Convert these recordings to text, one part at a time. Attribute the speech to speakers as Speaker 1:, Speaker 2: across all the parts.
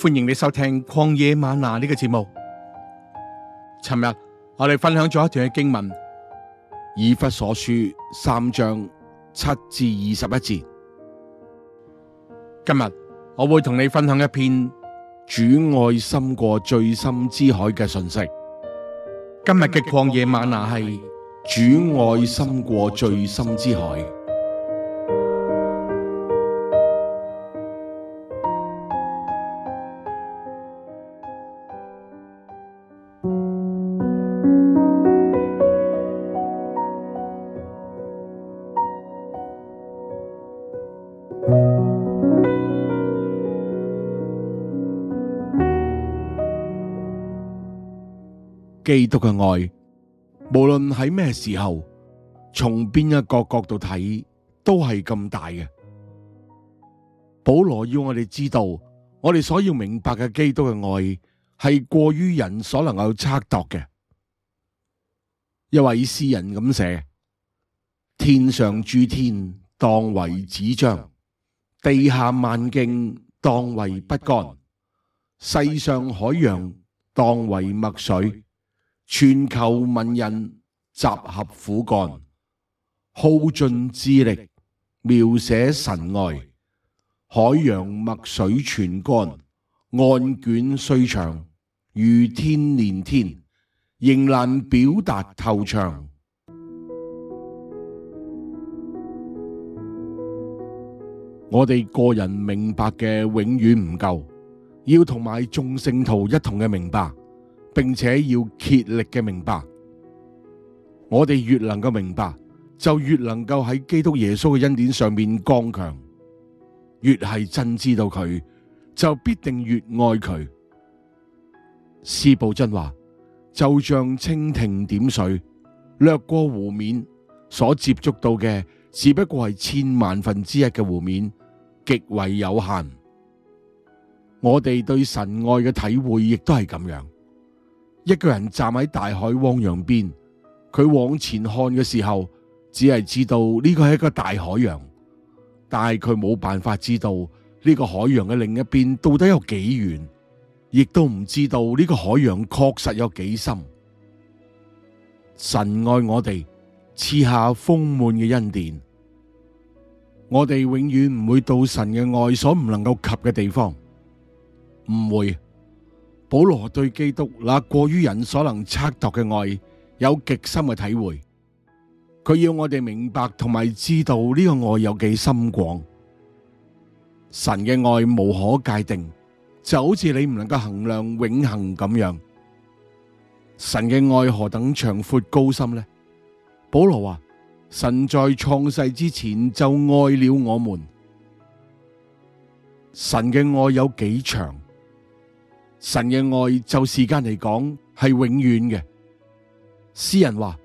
Speaker 1: 歡迎你收聽《曠野嗎哪》呢、這個節目。尋日我哋分享咗一段嘅經文，《以弗所書》三章七至二十一節。今日我會同你分享一篇主愛深過最深之海嘅信息。今日嘅曠野嗎哪係主愛深過最深之海。基督嘅愛，無論喺咩時候，從邊一個角度睇，都係咁大嘅。保羅要我哋知道，我哋所要明白嘅基督嘅愛係過於人所能夠測度嘅。一位詩人咁寫：天上諸天當為紙張，地下萬徑當為不干，世上海洋當為墨水。全球文人集合苦幹，耗盡智力描寫神愛，海洋墨水全乾，案卷雖長如天連天，仍難表達透長。 我哋個人明白嘅永遠唔夠，要同埋眾聖徒一同嘅明白。並且要竭力嘅明白，我哋越能夠明白，就越能夠喺基督耶穌嘅恩典上面剛強，越係真知道佢，就必定越愛佢。司布真話，就像蜻蜓點水，掠過湖面所接觸到嘅，只不過係千萬分之一嘅湖面，極為有限。我哋對神愛嘅體會，亦都係咁樣。一個人站喺大海汪洋邊，佢往前看嘅時候，只係知道呢個係一個大海洋，但係佢冇辦法知道呢個海洋嘅另一邊到底有幾遠，亦都唔知道呢個海洋確實有幾深。神愛我哋，賜下豐滿嘅恩典，我哋永遠唔會到神嘅愛所唔能夠及嘅地方，唔會。保羅對基督那過於人所能測度嘅愛有極深嘅體會，佢要我哋明白同埋知道呢個愛有幾深廣。神嘅愛無可界定，就好似你唔能夠衡量永恒咁樣。神嘅愛何等長闊高深呢？保羅話：神在創世之前就愛了我們。神嘅愛有幾長？神嘅愛就時間嚟講係永遠嘅。詩人話：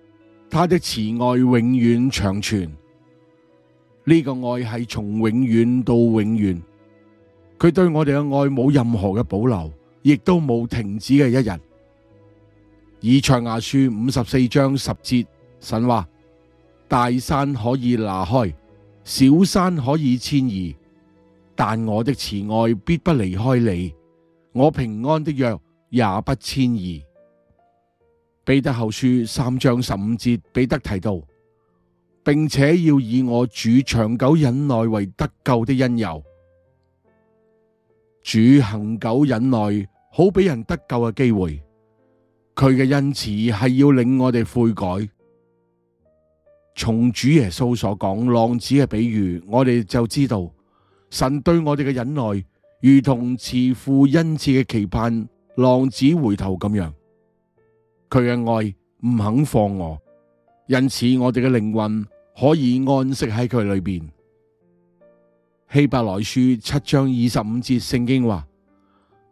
Speaker 1: 他的慈愛永遠長存，呢個愛係從永遠到永遠。佢對我哋嘅愛冇任何嘅保留，亦都冇停止嘅一日。以賽亞書五十四章十節，神話：大山可以拿開，小山可以遷移，但我的慈愛必不離開你。我平安的約也不遷移。彼得後書三章十五節，彼得提到，並且要以我主長久忍耐為得救的因由。主恒久忍耐，好俾人得救嘅機會。佢嘅恩慈係要領我哋悔改。從主耶穌所講浪子嘅比喻，我哋就知道神對我哋嘅忍耐。如同慈父殷切嘅期盼浪子回頭咁樣，佢嘅愛唔肯放我，因此我哋嘅靈魂可以安息喺佢裏邊。希伯來書七章二十五節聖經話：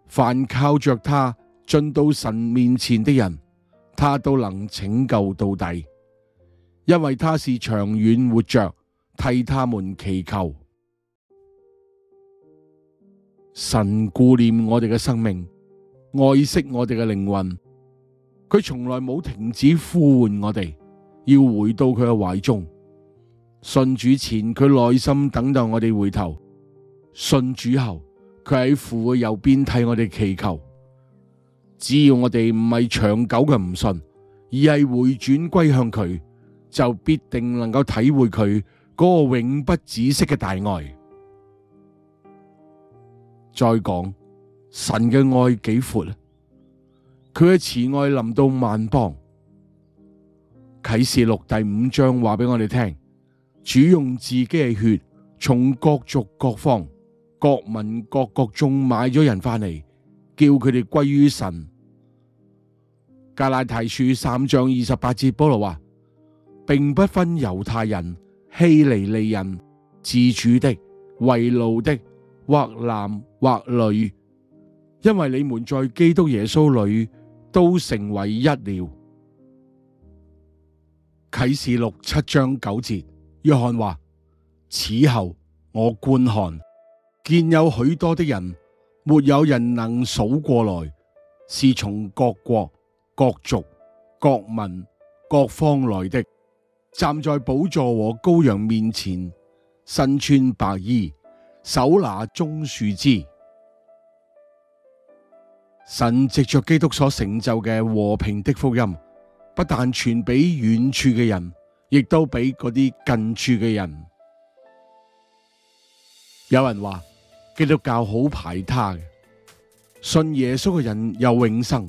Speaker 1: 凡靠着他進到神面前的人，他都能拯救到底，因為他是長遠活着，替他們祈求。神顧念我哋嘅生命，愛惜我哋嘅靈魂，佢從來冇停止呼喚我哋，要回到佢嘅懷中。信主前，佢耐心等待我哋回頭；信主後，佢喺父嘅右邊替我哋祈求。只要我哋唔係長久嘅唔信，而係回轉歸向佢，就必定能夠體會佢嗰個永不止息嘅大愛。再講神嘅愛幾闊咧？佢嘅慈愛臨到萬邦。啟示錄第五章話俾我哋聽，主用自己嘅血從各族、各方、各民、各國中買咗人翻嚟，叫佢哋歸於神。加拉提書三章二十八節，保羅話，並不分猶太人、希利尼人、自主的、為奴的，或男。或女，因為你們在基督耶穌裏都成為一了。啟示錄七章九節，約翰話：此後我觀看，見有許多的人，沒有人能數過來，是從各國、各族、各民、各方來的，站在寶座和羔羊面前，身穿白衣，手拿棕樹枝。神藉着基督所成就嘅和平的福音，不但傳俾遠處嘅人，亦都俾嗰啲近處嘅人。有人話基督教好排他嘅，信耶穌嘅人有永生，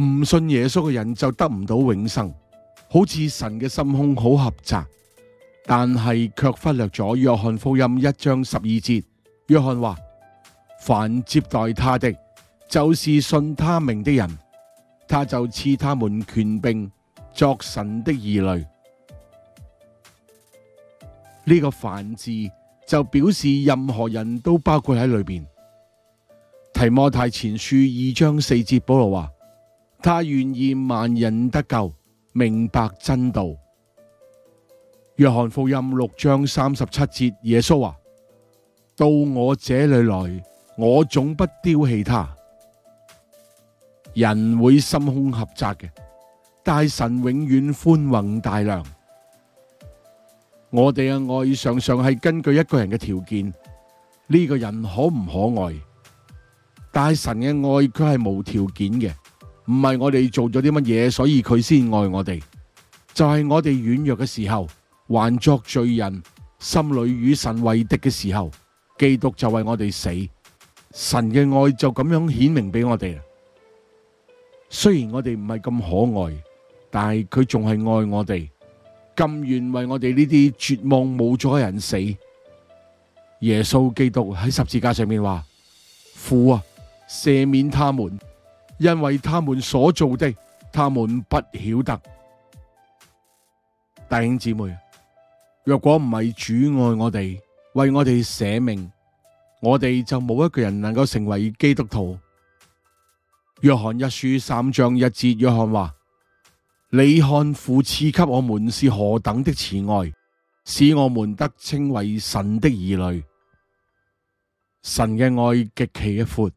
Speaker 1: 唔信耶穌嘅人就得唔到永生，好似神嘅心胸好狹窄。但係卻忽略咗約翰福音一章十二節，約翰話：凡接待他的。就是信他名的人，他就賜他們權柄作神的兒女。呢、這個凡字就表示任何人都包括喺裏面。提摩太前書二章四節，保羅話：他願意萬人得救，明白真道。約翰福音六章三十七節，耶穌話：到我這裏來，我總不丟棄他。人會心胸狹窄嘅，但係神永遠寬宏大量。我哋嘅愛常常係根據一個人嘅條件，呢個人可唔可愛？但係神嘅愛佢係無條件嘅，唔係我哋做咗啲乜嘢，所以佢先愛我哋。就係我哋軟弱嘅時候，還作罪人，心裏與神為敵嘅時候，基督就為我哋死。神嘅愛就咁樣顯明俾我哋。雖然我哋唔係咁可愛，但係佢仲係愛我哋，甘願為我哋呢啲絕望無助嘅人死。耶穌基督喺十字架上面話：父啊，赦免他們，因為他們所做的，他們不曉得。弟兄姊妹，若果唔係主愛我哋，為我哋捨命，我哋就冇一個人能夠成為基督徒。約翰一書三章一節，約翰話：你看父賜給我們是何等的慈愛，使我們得稱為神的兒女。神嘅愛極其嘅闊，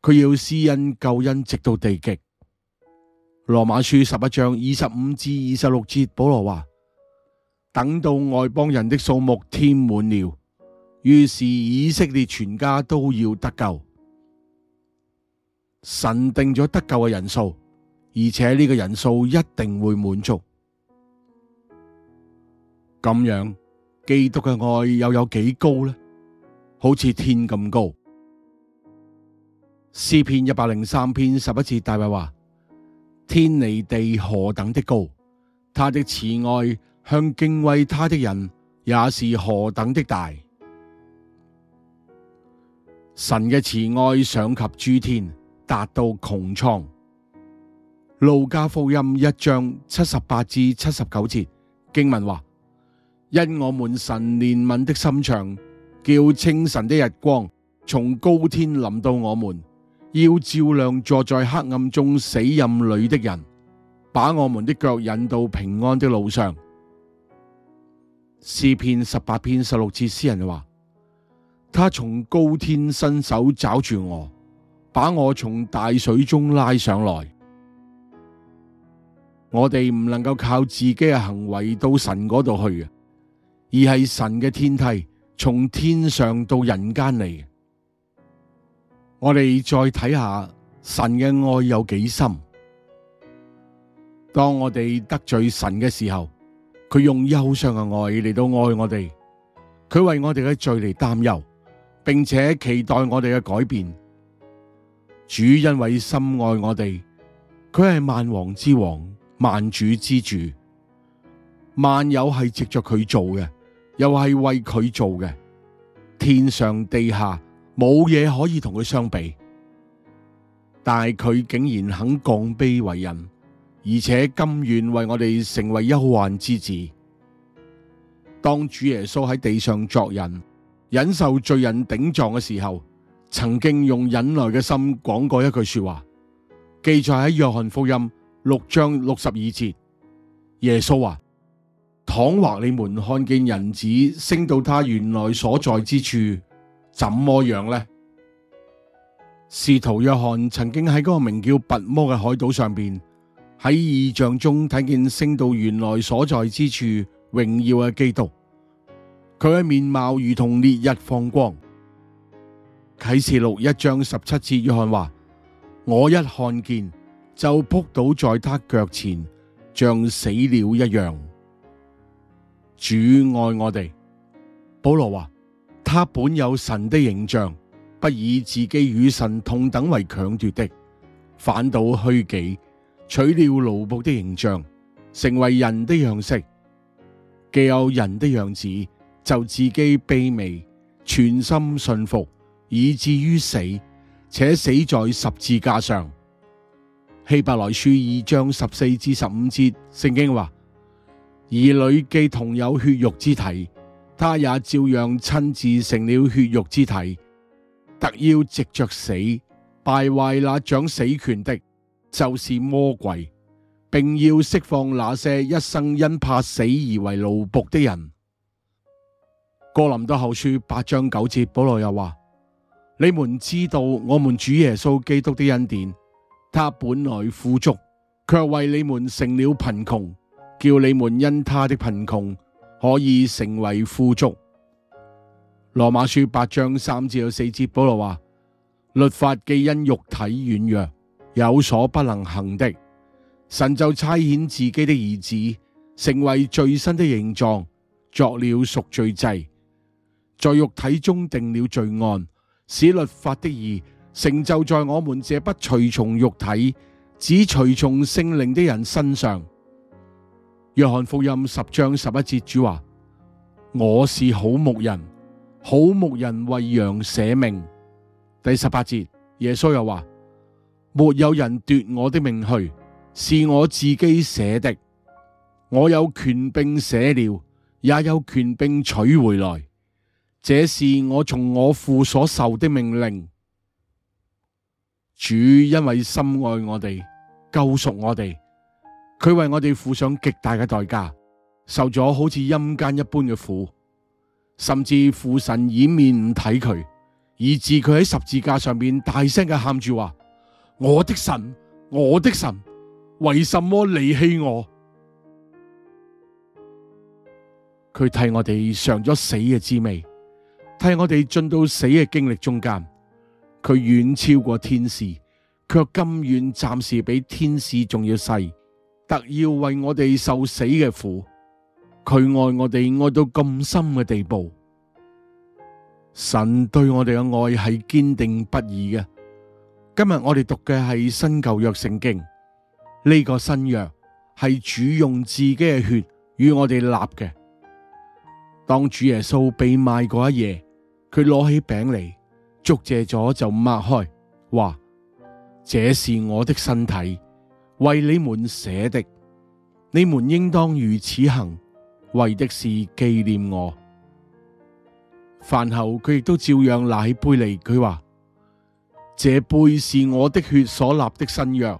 Speaker 1: 佢要施恩救恩直到地極。羅馬書十一章二十五至二十六節，保羅話：等到外邦人的數目添滿了，於是以色列全家都要得救。神定咗得救嘅人數，而且呢個人數一定會滿足。咁樣基督嘅愛又有幾高呢？好似天咁高。詩篇一百零三篇十一節，大衛話：天離地何等的高，他的慈愛向敬畏他的人也是何等的大。神嘅慈愛上及諸天。達到窮創路加福音一章七十八至七十九節經文話：因我們神憐憫的心腸，叫清晨的日光從高天臨到我們，要照亮坐在黑暗中死蔭裏的人，把我們的腳引到平安的路上。詩篇十八篇十六節詩人話：他從高天伸手抓住我。把我從大水中拉上來，我哋唔能夠靠自己嘅行為到神嗰度去，而係神嘅天梯，從天上到人間嚟。我哋再睇下神嘅愛有幾深。當我哋得罪神嘅時候，佢用憂傷嘅愛嚟到愛我哋，佢為我哋嘅罪嚟擔憂，並且期待我哋嘅改變。主因為深愛我哋，佢係萬王之王、萬主之主，萬有係藉着佢做嘅，又係為佢做嘅。天上地下冇嘢可以同佢相比，但係佢竟然肯降卑為人，而且甘願為我哋成為憂患之子。當主耶穌喺地上作人，忍受罪人頂撞嘅時候。曾經用忍耐嘅心講過一句說話，記載喺約翰福音六章六十二節。耶穌話、啊，倘若你們看見人子升到他原來所在之處，怎麼樣呢？」「使徒約翰曾經喺嗰個名叫拔摩嘅海島上邊，喺異象中睇見升到原來所在之處榮耀嘅基督，佢嘅面貌如同烈日放光。啟示錄一章十七節，約翰話：我一看見就撲倒在他腳前，像死了一樣。主愛我哋。保羅話：他本有神的形象，不以自己與神同等為強奪的，反倒虛己，取了奴僕的形象，成為人的樣式。既有人的樣子，就自己卑微，全心信服。以至於死，且死在十字架上。希伯來書二章十四至十五節，聖經話：兒女既同有血肉之體，她也照樣親自成了血肉之體。特要藉着死敗壞那掌死權的，就是魔鬼，并要釋放那些一生因怕死而為奴僕的人。哥林多後書八章九節，保羅又話。你們知道，我們主耶穌基督的恩典，他本來富足，卻為你們成了貧窮，叫你們因他的貧窮可以成為富足。羅馬書八章三至有四節，保羅話，律法既因肉體軟弱有所不能行的，神就差遣自己的兒子成為罪身的形狀，作了贖罪祭，在肉體中定了罪案。使律法的義成就在我們這不隨從肉體只隨從聖靈的人身上。約翰福音十章十一節，主話：我是好牧人，好牧人為羊捨命。第十八節，耶穌又話：沒有人奪我的命去，是我自己捨的。我有權柄捨了，也有權柄取回來。這是我從我父所受的命令。主因為深愛我哋、救贖我哋，佢為我哋付上極大嘅代價，受咗好似陰間一般嘅苦，甚至父神掩面唔睇佢，以致佢喺十字架上邊大聲嘅喊住話：我的神，我的神，為什麼離棄我？佢替我哋嘗咗死嘅滋味。替我哋進到死嘅經歷中間，佢遠超過天使，卻甘願暫時比天使仲要細，特要為我哋受死嘅苦。佢愛我哋愛到咁深嘅地步，神對我哋嘅愛係堅定不移嘅。今日我哋讀嘅係新舊約聖經，呢、這個新約係主用自己嘅血與我哋立嘅。當主耶穌被賣嗰一夜，佢攞起餅嚟，祝謝咗就擘開，話：這是我的身體，為你們捨的，你們應當如此行，為的是紀念我。飯後佢亦都照樣拿起杯嚟，佢話：這杯是我的血所立的新約，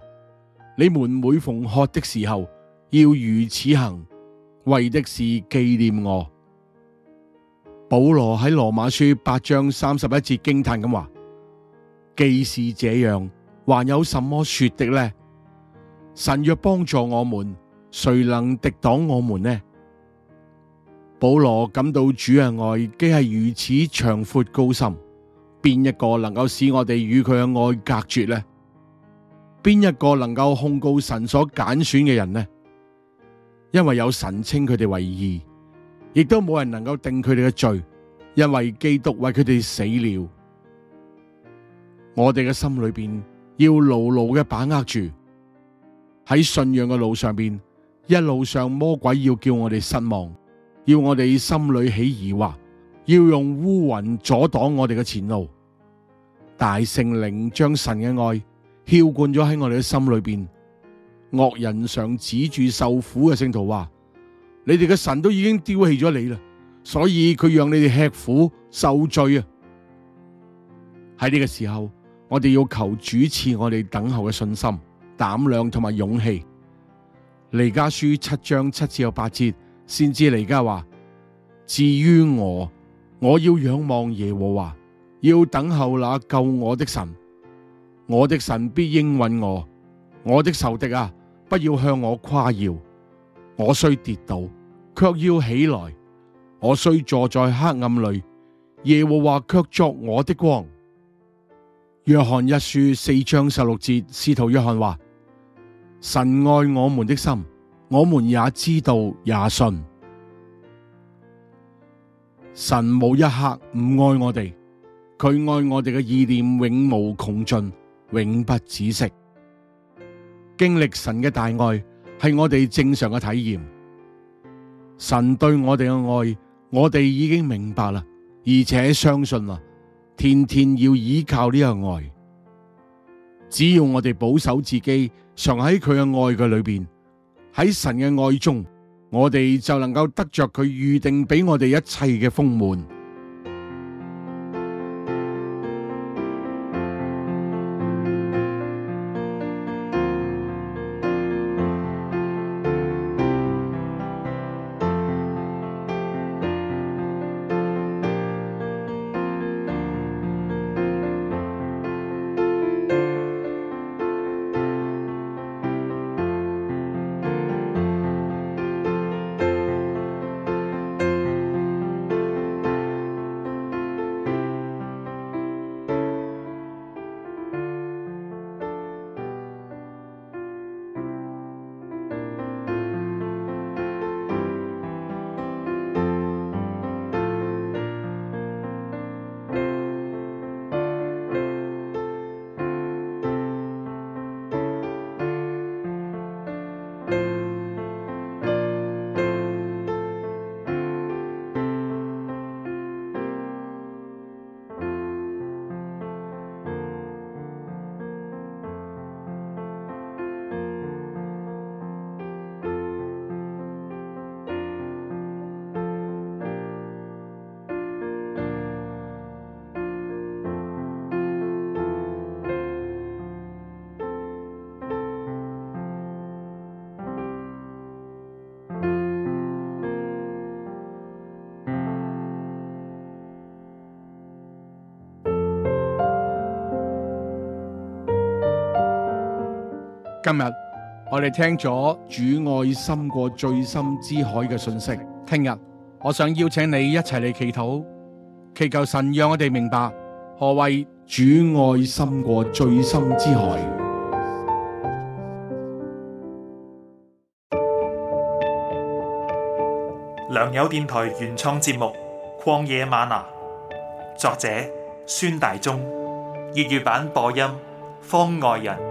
Speaker 1: 你們每逢喝的時候，要如此行，為的是紀念我。保羅喺羅馬書八章三十一節驚嘆咁話：既是這樣，還有什麼說的呢？神若幫助我們，誰能敵擋我們呢？保羅感到主嘅愛既係如此長闊高深，邊一個能夠使我哋與佢嘅愛隔絕呢？邊一個能夠控告神所揀選嘅人呢？因為有神稱佢哋為義。亦都冇人能夠定佢哋嘅罪，因為基督為佢哋死了。我哋嘅心裏邊要牢牢嘅把握住，喺信仰嘅路上邊，一路上魔鬼要叫我哋失望，要我哋心裏起疑惑，要用烏雲阻擋我哋嘅前路。大聖靈將神嘅愛澆灌咗喺我哋嘅心裏邊，惡人常指住受苦嘅聖徒話：你哋嘅神都已經丟棄咗你啦，所以佢讓你哋吃苦受罪啊！喺呢個時候，我哋要求主賜我哋等候嘅信心、膽量同埋勇氣，彌迦書七章七至有八節，先知彌迦話：至於我，我要仰望耶和華，要等候那救我的神。我的神必應允我，我的仇敵啊，不要向我誇耀。我雖跌倒，卻要起來；我雖坐在黑暗裏，耶和華卻作我的光。約翰一書四章十六節，使徒約翰話：神愛我們的心，我們也知道也信。神冇一刻唔愛我哋，佢愛我哋嘅意念永無窮盡，永不止息。經歷神嘅大愛。係我哋正常嘅體驗，神對我哋嘅愛，我哋已經明白啦，而且相信啦，天天要依靠呢個愛。只要我哋保守自己，常喺佢嘅愛嘅裏邊，喺神嘅愛中，我哋就能夠得着佢預定俾我哋一切嘅豐滿。今日我哋聽咗主愛深過最深之海嘅信息，聽日我想邀請你一齊嚟祈禱，祈求神讓我哋明白何謂主愛深過最深之海。良友電台原創節目《曠野嗎哪》，作者孫大中，粵語版播音方外人。